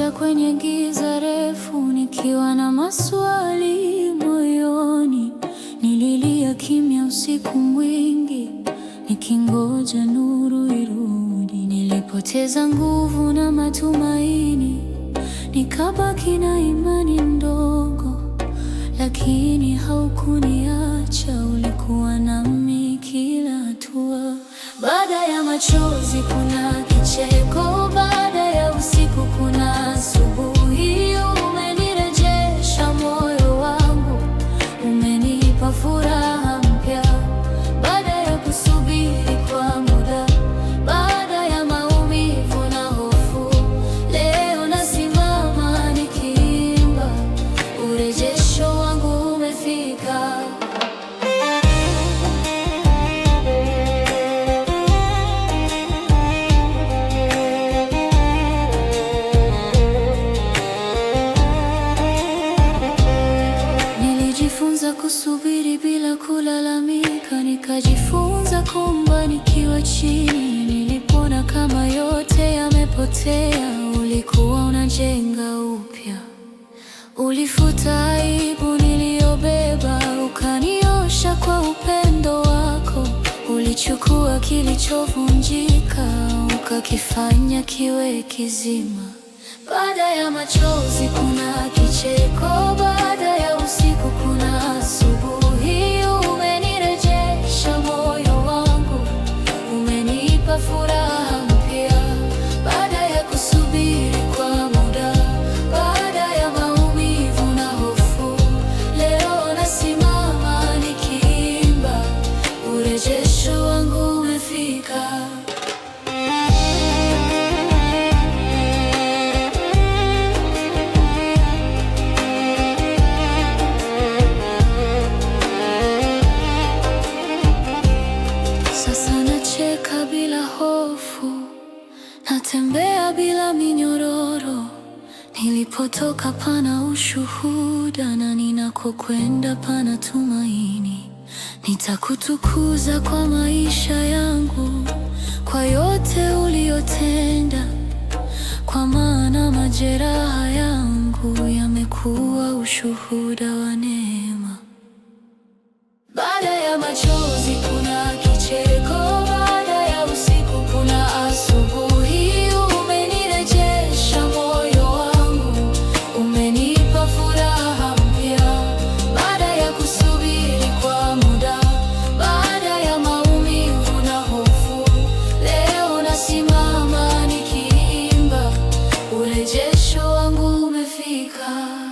Napita kwenye giza refu nikiwa na maswali moyoni, nililia kimya usiku mwingi nikingoja nuru irudi. Nilipoteza nguvu na matumaini, nikabaki na imani ndogo, lakini haukuniacha, ulikuwa nami kila hatua. Baada ya machozi Nilijifunza kusubiri bila kulalamika, nikajifunza kumba nikiwa chini nilipona kama yote yamepotea. Ulikuwa unajenga upya, ulifuta aibu niliyobeba, ukaniosha kwa upendo wako. Ulichukua kilichovunjika, ukakifanya kiwe kizima. Baada ya machozi kuna kicheko. Sasa nacheka bila hofu, natembea bila minyororo. Nilipotoka pana ushuhuda, na ninakokwenda pana tumaini. Nitakutukuza kwa maisha yangu, kwa yote uliyotenda, kwa maana majeraha yangu yamekuwa ushuhuda wa Mrejesho wangu umefika.